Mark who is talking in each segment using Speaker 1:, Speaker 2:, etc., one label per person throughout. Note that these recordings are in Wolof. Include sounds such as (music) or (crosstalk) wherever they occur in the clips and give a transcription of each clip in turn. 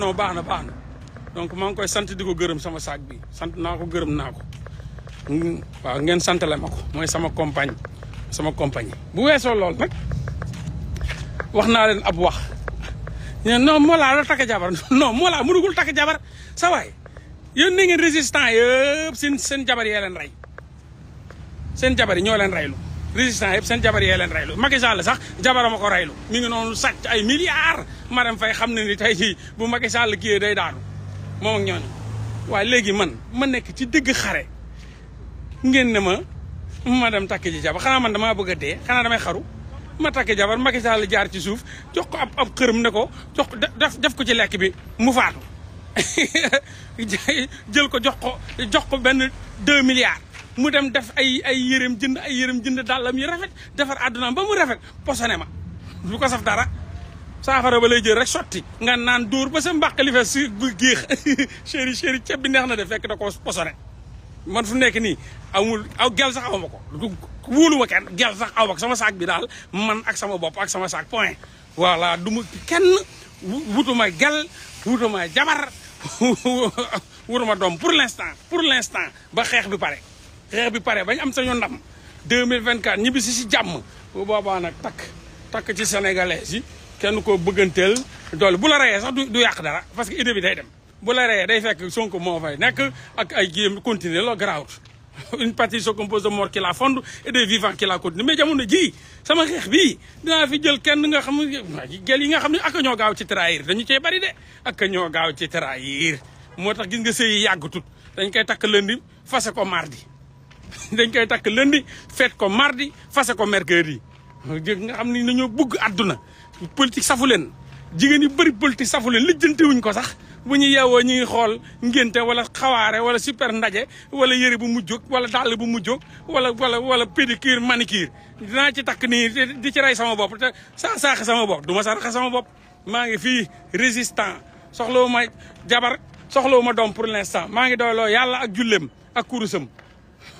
Speaker 1: non baax na baax na donc maa ngi koy sant di ko gërëm sama saak bi sant naa ko gërëm naa ko hmm, waaw ngeen santale ma ko mooy sama compagne sama compagnie bu weesoo loolu nag wax naa leen ab wax ñe non Mollah la takk jabar (laughs) non Mollah mënugul takk jabar sa waay yéen ne ngeen résistant yëpp seen seen jabar yee leen rey seen jabar yi ñoo leen reylu résistants yëpp seen jabar yee leen reylu Macky sax jabarama ko reylu mu ngi noonu sàcc ay milliards Marème fay xam ne ni tey jii bu Macky Sall kii day daanu moom ak ñooñu waaye léegi man ma nekk ci digg xare ngeen ne ma ma dem takk ji jabar xanaa man damaa bëgg a dee xanaa damay xaru ma takk jabar Macky Sall jaar ci suuf jox ko ab ab mu ne ko jox def def ko ci lekk bi mu faatu (laughs) jël ko jox ko ko benn deux milliards mu dem def ay ay yërëm jënd ay yërëm jënd dàllam yi rafet defar àddunaam ba mu rafet posone ma du ko saf dara saafara ba lay jël rek sotti nga naan dóor ba sa mbàq li fees bu géex (laughs) chéri chéri ceeb bi neex na de fekk da ko posone man fu nekk nii amul aw gel sax aw ma ko du wóolu gel sax aw ma ko sama saak bi daal man ak sama bopp ak sama saak point voilà du ma kenn wutuma gel wutuma jabar (laughs) wutuma doom pour l'instant pour l'instant ba xeex bi pare xeex bi pare bañ am sañu ndam 2024 ñibbi si si jàmm bu boobaa nag takk takk ci sénégalais yi kenn ko bëgganteel doole bu la reyee sax du yàq dara parce que idée bi day dem bu la reyee day fekk Sonko moo fay nekk ak ay géem continuer la garaawut (laughs) une partie se compose la fondent et de vivants qui la ji sama xeex bii fi jël kenn nga xam gel yi nga xam ne ak ñoo gaaw ci trahir dañu cee bari de ak ñoo gaaw ci trahir moo tax gis nga sëy yi yàggatut dañ koy takk lundi fase ko mardi (laughs) dañ koy takk lundi feet ko mardi fase ko mercredi nga xam ni ñoo bugg àdduna politique safu leen jigéen yi bëri politique safu leen lijjanti wuñ ko sax bu ñu yeewoo ñu xool ngénte wala xawaare wala super ndaje wala yére bu mujjóg wala dàll bu mujjóg wala wala wala pédicure manicure dinaa ci takk ni di ci rey sama bopp te saa saaxe sama bopp du ma saraxe sama bopp maa ngi fii résistant soxlawu ma jabar soxlawu ma doom pour l'instant maa ngi doyloo yàlla ak jullem ak kurusam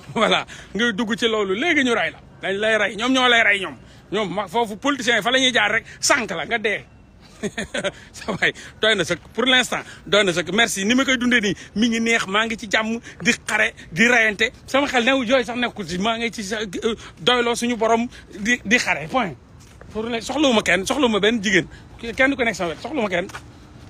Speaker 1: (laughs) voilà ngay dugg ci loolu léegi ñu rey la dañ lay rey ñoom ñoo lay rey ñoom ñoom ma foofu politiciens yi fa la ñuy jaar rek sànq la nga dee (laughs) sa waay doy na sëkk pour l'instant doy na sëkk merci ni ma koy dundee nii mi ngi neex maa ngi ci jàmm di xare di reyante sama xel new yooyu sax nekkul si maa ngi ci sa euh, doyloo suñu borom di di xare point pour le soxlawuma kenn soxlawuma benn jigéen kenn ku nekk sama wet soxlawuma kenn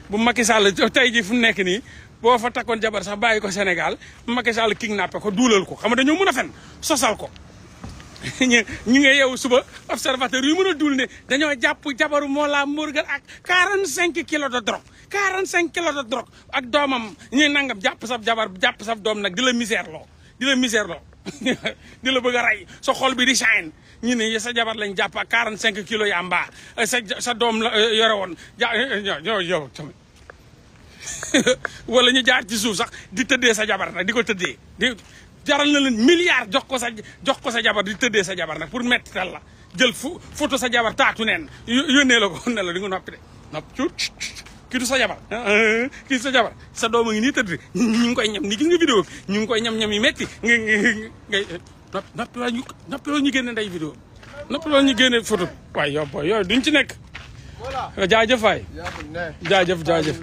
Speaker 1: bu Macky Sall tey ji fu mu nekk nii boo fa takkoon jabar sax bàyyi ko Sénégal Macky Sall kidnappé ko duulal ko xam nga dañoo mën a fen sosal ko (laughs) ñu ñu ngi yeewu suba observateur yu mën a duul ne dañoo jàpp jabaru la Morgun ak 45 kilos de drogue 45 kilos de drogue ak doomam ñuy nangam jàpp sab jabar jàpp sab doom nag di la misère loo di la misère loo (laughs) di la bëgg a rey sa xol bi di chaine ñu ne sa jabar lañ jàpp ak 45 kilos yaa mbaa sa sa doom la eh, yore woon ja yow eh, eh, yow wala ñu jaar ci suuf sax di tëddee sa jabar nag di ko tëddee di jaral na leen milliard jox ko sa jox ko sa jabar di tëddee sa jabar nag pour metti tal la jël fo photo sa jabar taatu neen yónnee la ko ne la di nga noppi de noppi cuut kii du sa jabar kii du sa jabar sa doom a ngi nii tëdd ñu ngi koy ñam ni gis nga vidéo bi ñu ngi koy ñam-ñam yi metti nga ngay noppi noppi waa ñu noppi loolu ñu génne nday vidéo noppi loolu ñu génne photo bi waaye yow booy yooyu duñ ci nekk Eh, jaajëf waay. jaajëf jaajëf. jaajëf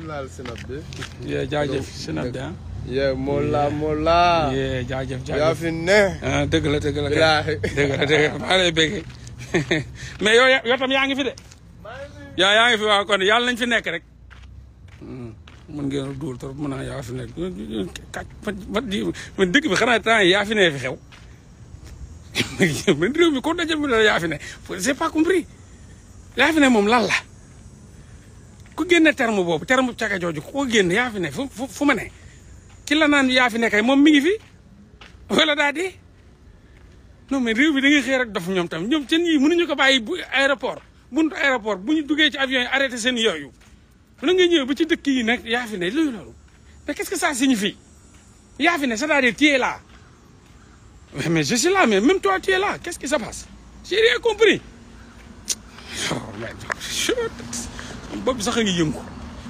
Speaker 1: sinab bi ah. ye Mawla Mawla. ye jaajëf jaajëf yaa fi ne. Ah. Ah, dëgg la dëgg la dëgg la dëgg la maa lay bëggee (laughs) tam yaa ngi fi de. yaa yaa fi waaw kon yàlla nañ fi nekk rek. Hmm. mën ngeen a dugal trop mën naa yaa fi nekk kàcc man dëkk bi xanaa temps yaa c'est (laughs) pas compris yaa moom lan la. ku génne terme boobu terme caga jooju ku ko génn yaa fi ne fu fu ma ne ki la naan yaa fi ne kay moom mi ngi fi wala daa dee non mais réew bi da ngay xëy rek dof ñoom tam ñoom seen yii mënuñu ko bàyyi bu aéroport buntu aéroport bu ñu duggee ci avion yi arrêté seen yooyu la nga ñëw bu ci dëkk yii nag yaa fi ne loolu loolu mais qu'est-ce que ça signifie yaa fi ne c'est-à-dire la es là mais je suis là mais même toi tu es là qu'est-ce qui se passe j'ai rien compris bopp sax a ngi yëngu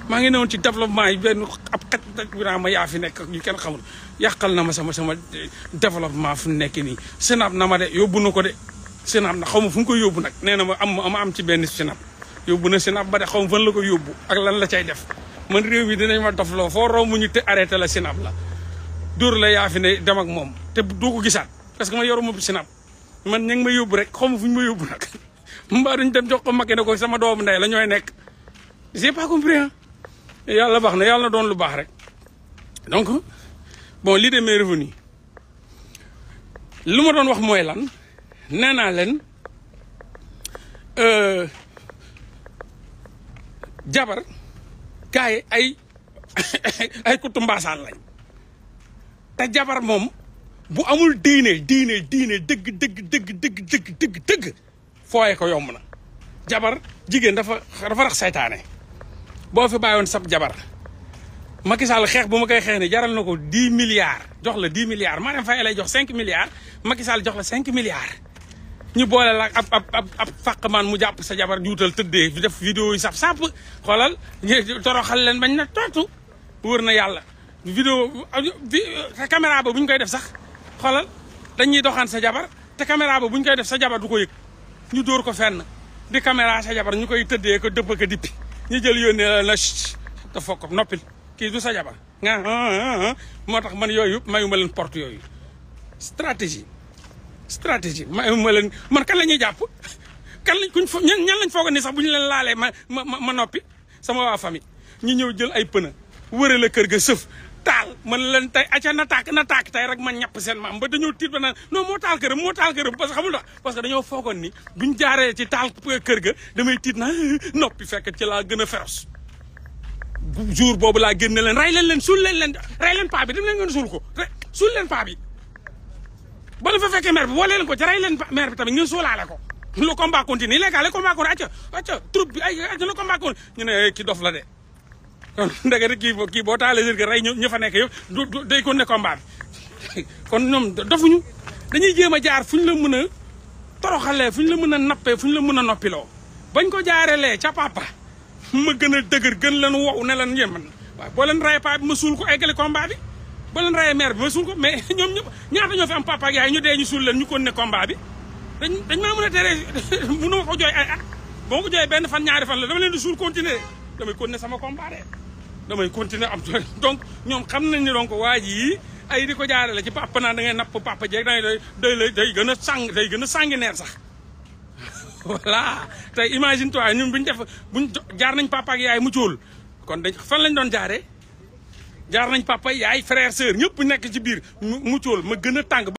Speaker 1: maa ngi newoon ci développement yi benn ab xaj bi naa ma fi nekk ak ñu kenn xamul yàqal na ma sama sama eh, développement fu nekk nii Sénap na ma de yóbbu na ko de Sénap na xaw ma fu mu koy yóbbu nag nee na ma am ma am ci benn Sénap yóbbu na Sénap ba de xaw ma fan la koy yóbbu ak lan la cay def man réew mi dinañ ma dofloo foo romb ñu te arrêté la Sénap la dóor la yaa ne dem ak moom te doo ko gisaat parce que ma yoruma Sénap man ña ngi ma yóbbu rek xaw ma fu ñu ma yóbbu nag mbaa duñ dem jox ko Macky ne ko sama doomu ndey la ñooy nekk j'ai pas compris yàlla baax na yàlla na doon lu baax rek donc bon lii de mes revenus lu ma doon wax mooy lan nee naa leen euh, jabar gars ay (laughs) ay kuttu mbaasaan lañ te jabar moom bu amul diine diine diine dëgg dëgg dëgg dëgg dëgg dëgg fooye ko yomb na jabar jigéen dafa dafa rax saytaane boo fi bàyyoon sab jabar Macky xeex bu ma koy xeex ne jaral na ko dix milliards jox la dix milliards Marième fa lay jox cinq milliards Macky Sall jox la cinq milliards ñu boole la ab ab ab ab man mu jàpp sa jabar juutal tëddee fi def vidéo yi sap sap xoolal toroxal leen bañ na tootu wër na yàlla vidéo te euh, caméra ba bu koy def sax xoolal dañuy doxaan sa jabar te caméra ba bu ñu koy def sa jabar du ko yëg ñu dóor ko fenn di caméra sa jabar ñu koy tëddee ko dëpp ko dippi ñu jël yónnee la la te fokk noppil kii du sa jabar ah, ah, ah, moo tax man yooyu mayuma leen port yooyu stratégie stratégie mayuma leen man kan la ñuy jàpp kan lañ kuñ ñan lañ foogoon ni sax bu ñu leen laalee ma ma ma noppi sama waa famille ñu ñëw jël ay pëna la kër ga sëf taal man leen tey acca na tàkk na tàkk tey rek ma ñàpp seen maam ba dañoo tiit ba naan non moo taal këram moo taal këram parce que xamul tax parce que dañoo foogoon ni buñ jaaree ci taal kër ga damay tiit na (laughs) noppi fekk ci laa gën a féroce jour boobu laa génne leen rey leen leen suul leen leen rey leen paa bi dem leen ngeen suul ko suul leen paa bi ba la fa fekkee maire bi boole leen ko ci bi tamit ngeen suulaale ko le combat continue léegi le combat continue acca acca troupe bi ay acca ne eh, ki dof la de kon (laughs) ndagari kii kii boo taalee jër gi rey ñu fa nekk yëpp du day ko ne combat bi (laughs) kon dañuy jéem a jaar fu la mën a toroxalee fu ñu la mën a nappee fu ñu la mën a noppiloo bañ ko jaarelee ca papa ma gën a dëgër gën leen wow ne leen yéen waaw boo leen rayee paa bi ma suul ko eggale combat bi boo leen rayee mère bi ma suul ko mais (laughs) ñoom ñëpp ñaata ñoo fi am papa ak yaay ñu dee ñu suul leen ñu ko ne combat bi dañ dañ maa mun a teree mënu ma ko jooy ay at boo ko jooyee benn fan ñaari fan la dama leen di suul continuer damay continuer sama combat damay continuer am donc ñoom xam nañ ne donc waa yii ay di ko la ci papa naa da ngay napp papa jeeg da ngay day day day gën a sang day gën a sanguinaire sax (laughs) voilà te imagine toi ñun bu ñu def buñ jaar nañ papa ak yaay mu cóol kon dañ fan lañ doon jaare jaar nañ papa yaay frère sœur ñëpp nekk ci biir mu cóol ma gën a tàng.